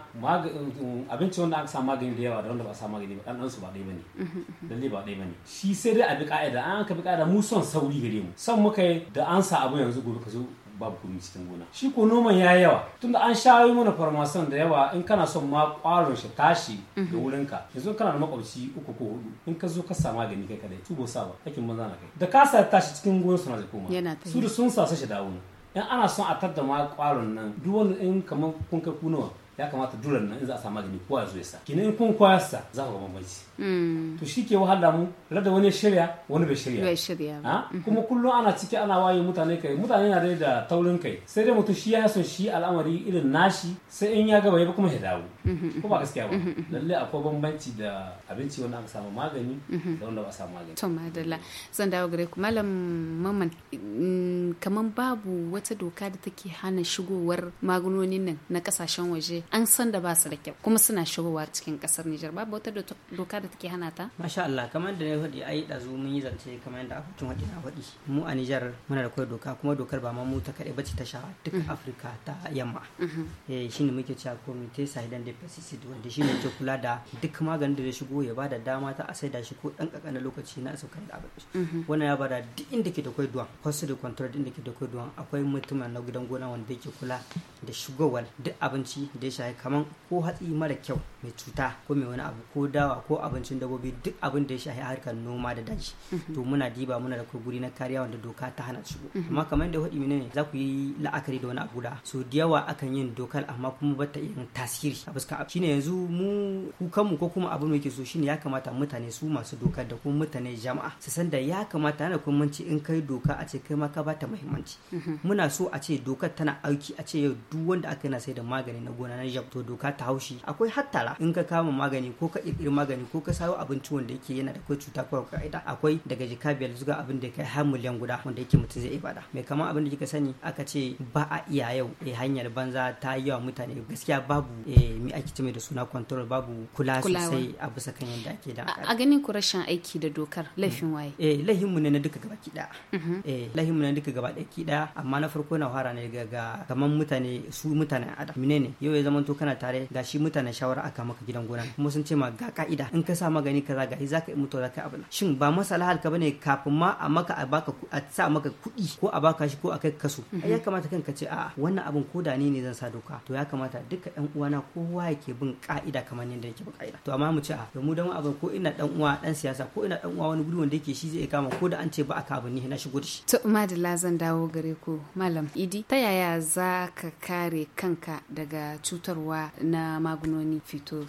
abinci wanda aka sa magani da yawa da wanda ba a sa magani ba ɗanɗansu ba ɗaya ne. Mhm, lalle ba ɗaya ne. shi sai dai a bi ka'ida an ka bi ka'ida mu son sauri gare mu son muka da an sa abu yanzu gobe ka zo babu komai cikin gona shi ko noman ya yawa tunda an shawo mana farmasan da yawa in kana son ma kwaron shi tashi da mhm. wurin ka yanzu kana da makwabci uku ko hudu in ka zo ka sa magani kai kadai su sa ba hakin maza na kai da ka sa tashi cikin gona suna da koma su da sun sa shi dawo in ana son a tadda ma kwaron nan duk wani in kamar kun kai kunawa ya kamata duran nan in za a sa magani ko a zo ya sa kenan in kun sa za ka ga bambanci Mm. to shi ke wahala mu rada wani shirya wani bai shirya bai shirya ah? mm-hmm. kuma kullum ana ciki ana waye mutane kai mutane na da taurin kai sai dai mutum shi ya son shi al'amari irin nashi sai in ya gaba ya kuma ya dawo mm-hmm. ko ba gaskiya ba mm-hmm. lalle akwai bambanci da abinci wanda aka samu magani da wanda ba a samu magani to madalla zan dawo gare ku malam maman mm, kaman babu wata doka da take hana shigowar magunonin nan na kasashen waje an san da ba su da kyau kuma suna shigowa cikin kasar Nijar babu wata doka da take hana ta masha Allah kamar da na faɗi ai ɗazu mun yi zance kamar yadda aka tun faɗi na faɗi mu a Nijar muna da koyar doka kuma dokar ba ma mu ta kaɗai ce ta shawa duk mm-hmm. Afirka ta yamma mm-hmm. eh shine muke cewa committee sahidan da pesticide wanda shine ke kula da duk maganin da ya shigo ya bada dama ta a saida shi ko dan kakana lokaci na kan da abin mm-hmm. wannan ya bada duk inda ke da koyar duwan hosu da control din da ke da koyar duwan akwai mutumin na gidan gona wanda yake kula da shigowar duk abinci da ya shafi kamar ko hatsi mara kyau mai cuta ko mai wani abu ko dawa ko abu abincin dabbobi duk abin da ya shafi harkar noma da daji mhm. to muna diba muna da guri na kariya wanda doka ta hana shigo mhm. amma kamar da hudu ne za ku yi la'akari da wani abu da so da yawa akan yin dokar amma kuma bata yin tasiri a fuska abu shine yanzu mu kukan mu ko kuma abin da yake so shine ya kamata mutane su masu dokar da kuma mutane jama'a su san da ya kamata na kuma in kai doka a ce kai ma ka bata muhimmanci mhm. muna so a ce dokar tana aiki a ce yau duk wanda aka yana sai da magani na gona na jab to doka ta haushi akwai hattara in ka kama magani ko ka kirkiri magani ko ka sayo abinci wanda yake yana da kai cuta ko ka'ida akwai daga jika biyar zuwa abin da kai har miliyan guda wanda yake mutum zai ibada mai kama abin da kika sani aka ce ba a iya yau a eh, hanyar banza ta yi wa mutane gaskiya babu eh, mi ake ce da suna control babu kula sosai a bisa kan yadda ake da a ganin ku rashin aiki da dokar laifin mm. waye eh laifin mu ne na duka gaba kida mm-hmm. eh laifin mu ne na duka gaba ɗaya kida amma na farko na fara ne ga kaman mutane su mutanen adam menene yau ya zama to kana tare shi mutanen shawara aka maka gidan gona kuma sun ce ma ga ka'ida in ka ka sa magani kaza gahi zaka yi mutuwa kai abin shin ba masalahar ka bane kafin ma a maka a baka a sa maka kuɗi ko a baka shi ko a kai kaso mhm. ya kamata ka ce a wannan abin ko da ni ne zan sa doka to ya kamata duka yan uwana kowa yake bin ka'ida kamar yadda yake bin ka'ida to amma mu ce a mu mu abin ko ina dan uwa dan siyasa ko ina dan uwa wani gudu wanda yake shi zai kama ko da an ce ba ka abin ni na shigo da shi to madalla zan dawo gare ku malam idi ta yaya za ka kare kanka daga cutarwa na magunoni fito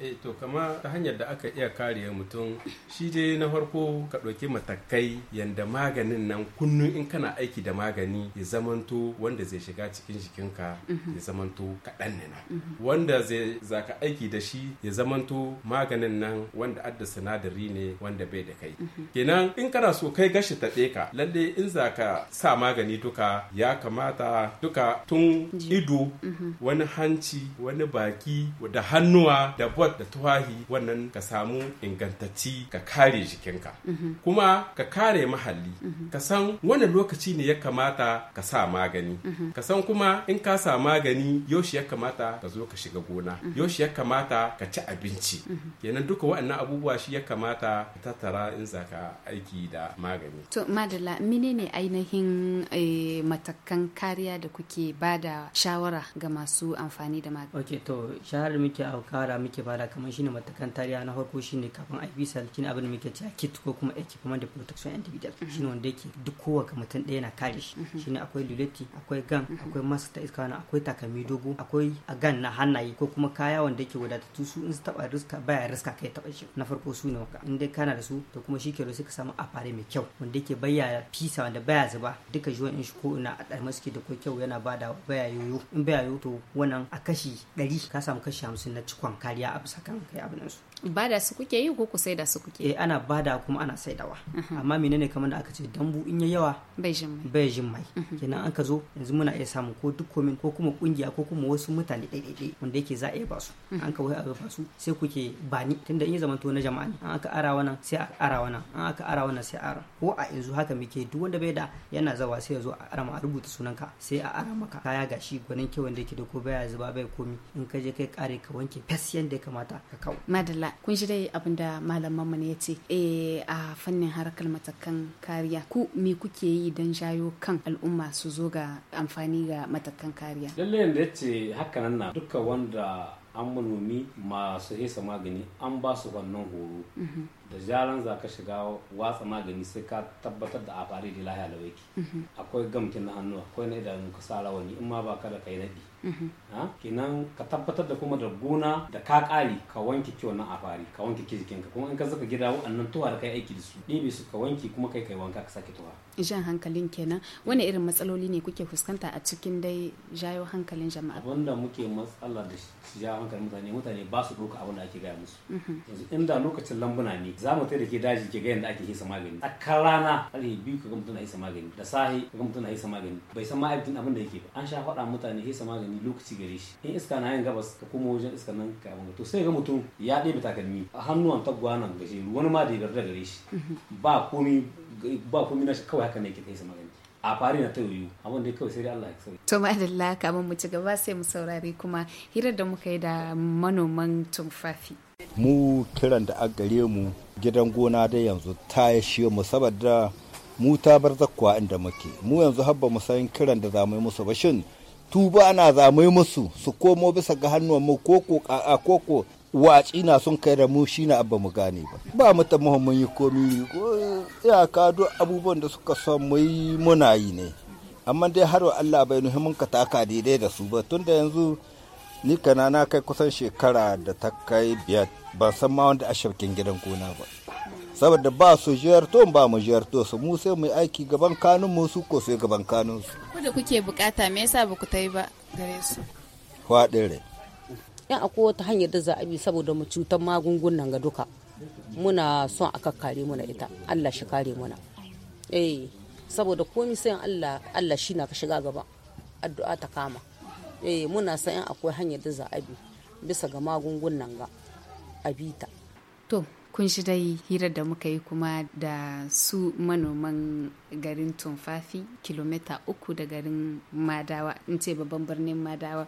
eh to kamar ta hanyar da ka iya kare mutum shi dai na farko ka ɗauki matakai yadda maganin nan kunnu in kana aiki da magani ya zamanto wanda zai shiga cikin jikinka mhm. ya zamanto kaɗan ne nan mhm. wanda zai zaka aiki da shi ya zamanto maganin nan wanda adda sinadari ne wanda bai da kai mhm. kenan in kana so kai gashi ta ka lalle in zaka sa magani duka ya kamata duka tun ido wani hanci wani baki da hannuwa da bot da tuwahi wannan ka samu ingantacci ka kare jikinka kuma ka kare mahalli ka san wani lokaci ne ya kamata ka sa magani ka san kuma in ka sa magani yaushe ya kamata ka zo ka shiga gona yaushe ya kamata ka ci abinci kenan duka waɗannan abubuwa shi ya kamata ka tattara in zaka aiki da magani to madalla menene ainihin eh, matakan kariya da kuke bada shawara ga masu amfani da magani ok to shawarar muke kara muke bada kamar shine matakan kariya na farko shine kafin a bisa likin abin da muke cewa kit ko kuma equipment da protection individual mhm. shine wanda yake duk kowa ga mutum ɗaya na kare shi mhm. shine akwai luleti akwai gan mhm. akwai mask ta iska wani akwai takalmi dogo akwai a gan na hannaye ko kuma kaya wanda yake wadatattu su in su taba riska baya riska kai taba shi na farko su ne wanka in dai kana da su to kuma shi ke sai ka samu afare mai kyau wanda yake baya fisa wanda baya zuba duka juwan in shi ko ina a ɗarma suke da kai kyau yana bada baya yoyo in baya yoyo to wannan a kashi ɗari ka samu kashi hamsin na cikon kariya a bisa kan kai abin su ba da su kuke yi ko ku sai da su kuke eh ana ba da kuma ana saidawa amma menene kamar da aka ce dambu in ya yawa bai jin mai kenan an ka zo yanzu muna iya samu ko duk komin ko kuma kungiya ko kuma wasu mutane ɗaiɗaiɗai wanda yake za a iya ba su an ka wai a ba su sai kuke bani tunda in ya zama na jama'a ne an aka ara wannan sai a ara wannan an aka ara wannan sai a ara ko a yanzu haka muke duk wanda bai da yana zawa sai ya zo a ara ma a rubuta sunanka sai a ara maka kaya gashi gwanin kewan wanda yake da ko baya zuba bai komi in ka je kai kare ka wanke fes yanda ya kamata ka kawo madalla kun shi dai abin da mu ne ya ce eh, a fannin harkar matakan kariya ku me kuke yi don shayo kan al'umma su zo ga amfani ga matakan kariya lallai yadda ya ce hakanan na duka wanda an manomi masu hesa magani an ba su wannan horo mhm. da jaran za ka shiga watsa magani sai ka tabbatar da a fari da lahiya lawaki mhm. akwai gamkin na hannu akwai na idanu ka sa rawani in ma ba ka da kai naɗi Mm-hmm. Ah, kenan ka tabbatar da kuma da gona da ka kare ka wanke na na afari ka wanke ki kuma in ka zaka gida wa'annan tuwa da kai aiki da su ɗebe su ka wanke kuma kai kai wanka ka sake tuwa jan hankalin kenan wani irin matsaloli ne kuke fuskanta a cikin dai jayo hankalin jama'a wanda muke matsala da jayo hankalin mutane mutane ba su doka abin da ake gaya musu mhm. yanzu inda lokacin lambuna ne za mu da ke daji ke gayan yadda ake hisa magani a rana ƙarfe biyu ka ga na hisa magani da sahi ka ga na hisa magani bai san ma'aikatan abin da yake ba an sha faɗa mutane hisa magani lokaci gare shi in iska na yin gabas ka koma wajen iska nan ka abin to sai ga mutum ya ɗebe takalmi a hannuwan tagwa nan gajeru wani ma da ya gare shi mhm. ba komi ba komai na kawai haka ne ke kai magani a fari na ta yiwu abin da kawai sai Allah ya sauya to madalla kamar mu ci gaba sai mu saurari kuma hirar da muka yi da manoman tumfafi mu kiran da aka gare mu gidan gona da yanzu ta ya shiyo mu saboda mu ta bar zakkuwa inda muke mu yanzu habba mu san kiran da yi musu ba shin tuba ana zamai musu su komo bisa ga hannuwan mu koko koko watsi na sun kai da mu shi na abba mu gane ba ba mu ta muhimmin yi komi ya duk abubuwan da suka son mu yi muna yi ne amma dai har wa Allah bai nuhi mun ka taka daidai da su ba tunda yanzu ni kana na kai kusan shekara da ta kai biyar ba san ma wanda a shafkin gidan gona ba saboda ba su jiyarto ba mu jiyarto su mu sai mu aiki gaban kanun mu su ko sai gaban kanun su da kuke bukata me yasa ba ku ta yi ba gare su faɗin rai in akwai wata hanyar da za a bi saboda mu cutar magungunan ga duka muna son a kakkare muna ita allah shi kare muna eh saboda komi sayan allah allah shi na ka shiga gaba addu'a ta kama eh muna son in akwai hanyar da za a bi bisa ga magungunan ga abita to kun shi dai hirar da muka yi kuma da su manoman garin tumfafi kilomita uku da garin madawa in ce babban birnin madawa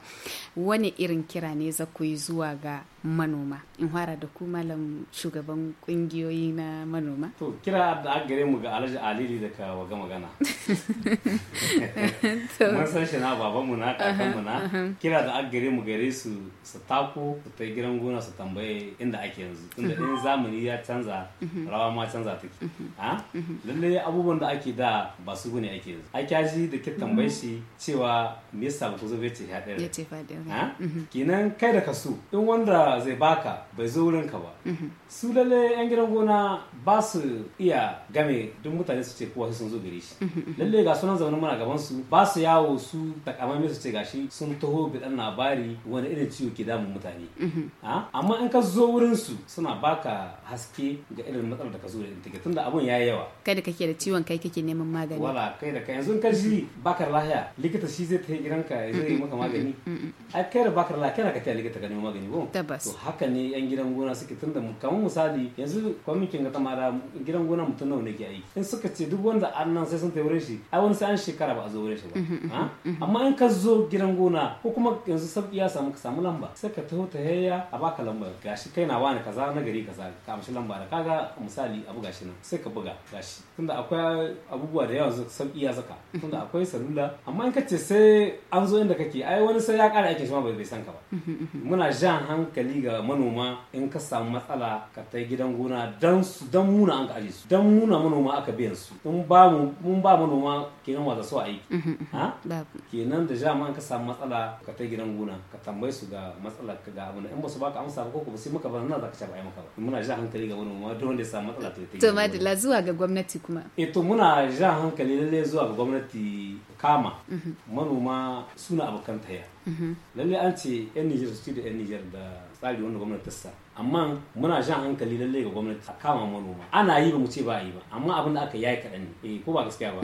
wani irin kira ne za ku yi zuwa ga manoma in fara da ku malam shugaban kungiyoyi na manoma to kira da aka gare mu ga alhaji alili daga waga magana mun san shi na babanmu na kakanmu na uh-huh, uh-huh. kira da aka gare mu gare su su tako su ta giran gona su tambaye inda ake yanzu inda din uh-huh. zamani ya canza rawa ma canza take ah? lallai abubuwan da ake da ba su gune ake yanzu ai ji da ki bai shi cewa me yasa ba ku zo bai ce ya ɗaya ha mhm. kai da kasu in wanda zai baka bai zo wurin ka ba mhm. su lalle yan gidan gona ba su iya game duk mutane su ce kowa sun zo gare shi mhm, lalle ga sunan zaunin muna gaban su ba su yawo su takamaiman su ce gashi sun taho bidan labari wani irin ciwo ke damun mutane amma in ka zo wurin su suna baka haske ga irin matsalar da ka zo da ita tunda abun yayi yawa kai da kake da ciwon kai kake neman magani wala kai da kai yanzu in ka ji bakar lahiya likita shi zai tafi ka zai yi maka magani ai kai da bakar lahiya kana ka tafi likita ka neman magani ko tabbas to haka ne yan gidan gona suke tunda kamar misali yanzu kin ga tamara gidan gona mutum nawa nake aiki in suka ce duk wanda an nan sai sun tafi wurin shi ai wani sai an shekara ba a zo wurin shi ba mm-hmm, ah? mm-hmm, mm-hmm. amma in ka zo gidan gona ko kuma yanzu sabbi ya samu ka samu lamba sai ka taho ta yayya a baka lamba gashi kai na wani kaza na gari kaza ka amshi lamba da kaga misali abu gashi nan sai ka buga gashi tunda akwai abubuwa da yawa sauki ya zaka tunda akwai salula amma in kace sai an zo inda kake ai wani sai ya kara ake shima bai san ka ba muna jan hankali ga manoma in ka samu matsala ka tai gidan gona dan su dan muna an ka aje su dan muna manoma aka biyan su in ba mu mun ba manoma kenan wata so aiki ha mm-hmm. ah? kenan da jama an ka samu matsala ka tai gidan gona ka tambaye su ga matsalar ka ga abin in ba su baka amsa ba ko ba sai muka ba nan za ka ci ba ai muka ba muna jan hankali ga manoma don wanda ya samu matsala to madalla zuwa ga gwamnati kuma eh to muna jiran hankali lalle zuwa ga gwamnati kama manoma suna abokan taya lalle an ce yan nijar su da yan nijar da tsari wanda gwamnati sa amma muna jan hankali lalle ga gwamnati kama manoma ana yi ba mu ce ba yi ba amma abin da aka yayi kaɗan ne eh ko ba gaskiya ba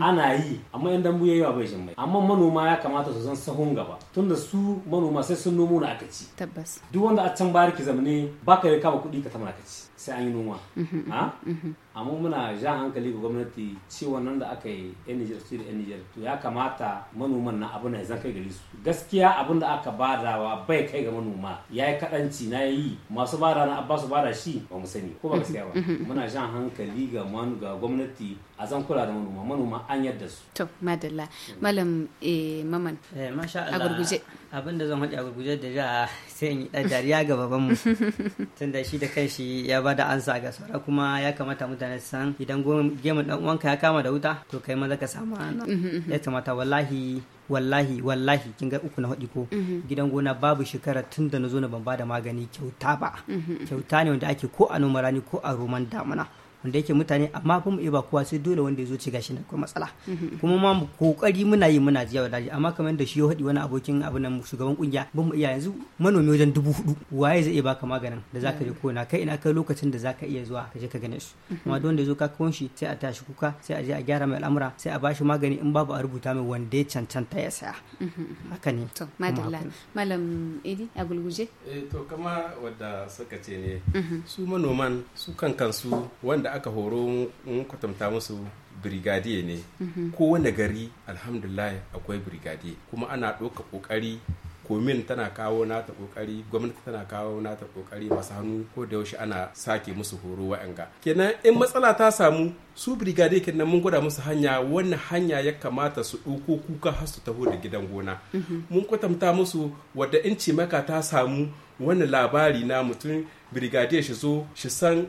ana yi amma yan dambu yayi bai jin mai amma manoma ya kamata su san sahun gaba tunda su manoma sai sun nomo na aka ci tabbas duk wanda a can bariki zamane baka yi kama kuɗi ka tamara ci sai an yi noma mhm. Ah? Mhm. amma muna jan hankali ga gwamnati cewa nan da aka yi yan nijar su da yan nijar to ya kamata manoman na abu na ya kai gari su gaskiya abin da aka badawa bai kai ga manoma ya yi kaɗanci na yi masu bada na abba su bada shi ba mu sani ko ba gaskiya ba mm-hmm, mm-hmm. muna jan hankali ga ga gwamnati a zan kula da manoma manoma an yadda su to madalla malam eh, maman eh, a gurguje abin da zan haɗe a gurguje da ja sai in yi ɗan dariya ga babanmu tunda shi da kanshi ya bada ansa ga saura kuma ya kamata mutane mutane san idan gemun dan uwanka ya kama da wuta to kai maza ka samu mm-hmm, mm-hmm. ya kamata wallahi wallahi wallahi kin ga uku na hadi ko mm-hmm. gidan gona babu shekara tun da na zo na ban bada magani kyauta ba kyauta ne wanda ake ko a noman rani ko a roman damuna wanda yake mutane amma kuma mu iya ba kowa sai dole wanda ya zo ci gashi na akwai matsala mhm. kuma ma mu kokari muna yi muna jiya wadaji amma kamar yadda shi ya haɗi wani abokin abu nan shugaban kungiya ba mu iya yanzu manomi wajen dubu hudu waye zai iya baka maganin da zaka je mhm. kona kai ina kai lokacin da zaka iya zuwa ka je ka gane su amma mhm. don da ya zo ka kawo shi sai a tashi kuka sai a je a gyara mai al'amura sai a bashi magani in babu a rubuta mai wanda ya cancanta ya saya haka ne to madalla malam idi a gulguje eh to kama wadda suka ce ne su manoman su kan kansu wanda aka horo mun kwatanta musu brigadier ne mhm. kowane gari alhamdulillah akwai brigadier kuma ana ɗauka ƙoƙari komin tana kawo nata kokari gwamnati tana kawo nata kokari masu hannu ko da yaushe ana sake musu horo wa'anga kenan in matsala ta samu su brigade kenan mun gwada musu hanya wannan hanya ya kamata su ɗauko kuka har su taho da gidan gona mhm. mun kwatanta musu wadda in cimaka ta samu wani labari na mutum brigade shi zo shi san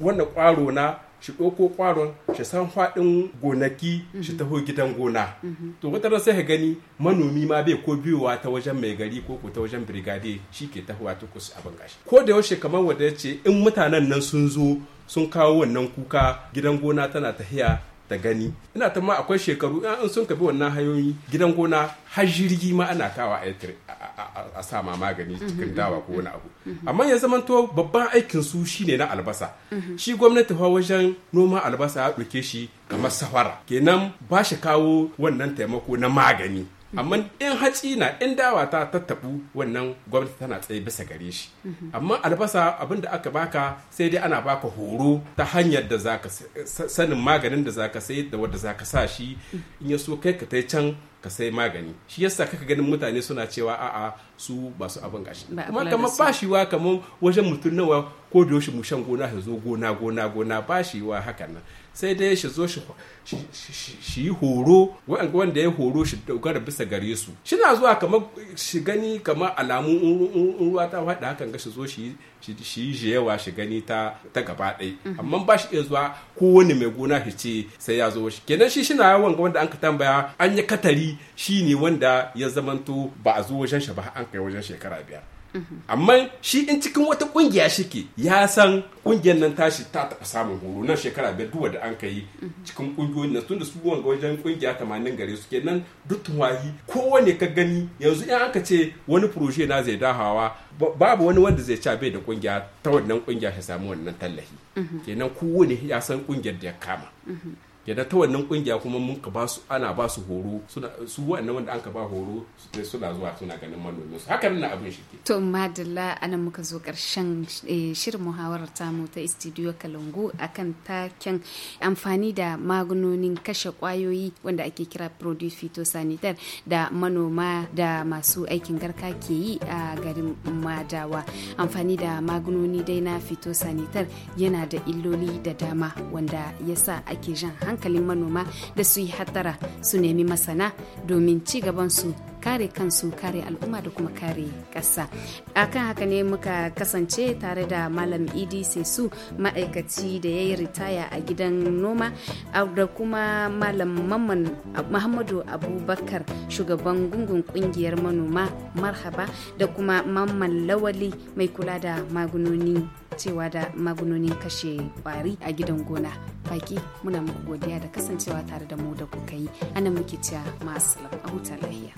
wannan kwaro na shi ɗauko kwaron shi san faɗin gonaki shi mhm. taho gidan gona mhm. to wata sai ka gani manomi ma bai ko biyowa ta wajen mai gari ko ko ta wajen brigade shi ke tahowa kusa abin gashi ko da yaushe kamar wanda ya ce in mutanen nan sun zo sun kawo wannan kuka gidan gona tana tahiya ta gani ina ta ma akwai shekaru in sun kabi wannan hanyoyi gidan gona har jirgi ma ana kawa a sa ma magani mhm. cikin dawa ko wani abu mhm. amma ya zama to babban aikin su shine na albasa mhm. shi gwamnati fa wajen noma albasa ya ɗauke shi kamar safara kenan ba shi kawo wannan taimako na magani amma in hatsi na in dawa ta tattabu wannan gwamnati tana tsaye bisa gare shi amma albasa abin da aka baka sai dai ana baka horo ta hanyar da zaka sanin maganin da zaka sai da wanda zaka sa shi in ya so kai ka tai can ka sai magani shi yasa kaka ganin mutane suna cewa a'a su ba su abin gashi kuma kamar bashiwa kamar wajen mutum nawa ko da yaushe mu shan gona ya zo gona gona gona bashiwa hakan nan sai dai shi zo shi yi horo wanda ya horo shi dogara bisa gare su shi na zuwa kamar shi gani kamar alamu in ruwa ta wada hakan ga shi zo shi yi jewa shi gani ta gaba ɗai mhm. amma ba shi iya zuwa kowane mai gona shi ce sai ya zo shi kenan shi shi yawan wanda an ka tambaya an yi katari shi ne wanda ya zamanto ba a zo wajen shi ba an kai wajen shekara biyar amma shi in cikin wata kungiya shike ya san kungiyar nan tashi ta taɓa samun horo nan shekara biyar duwa da an kai cikin kungiyoyin nan tun da su wanga wajen kungiya tamanin gare su kenan duk tunwahi kowane ka gani yanzu in aka ce wani proje na zai dahawa babu wani wanda zai ca bai da kungiya ta wannan kungiya ya samu wannan tallafi mhm. kenan kowane ya san kungiyar da ya kama mhm. kenan ta wannan kungiya kuma mun ka basu ana ba su horo suna su wannan wanda an ka ba horo suna zuwa suna ganin manomin su hakan na abin shike to madalla anan muka zo karshen eh, shirin muhawarar tamu ta studio Kalangu akan taken amfani da magunonin kashe kwayoyi wanda ake kira produce phytosanitary da manoma da masu aikin garka ke yi a garin Madawa amfani da magunoni dai na phytosanitary yana da illoli da dama wanda yasa ake jan hankalin manoma da su yi hattara su nemi masana domin ci gaban su kare kansu kare al'umma da kuma kare ƙasa akan haka ne muka kasance tare da malam idi sesu ma'aikaci da ya yi ritaya a gidan noma da kuma malam mamman muhammadu abubakar shugaban gungun kungiyar manoma marhaba da kuma mamman lawali mai kula da magunoni cewa da magunonin kashe kwari a gidan gona baki muna muku godiya da kasancewa tare da mu da kuka yi anan muke cewa masu a huta lahiya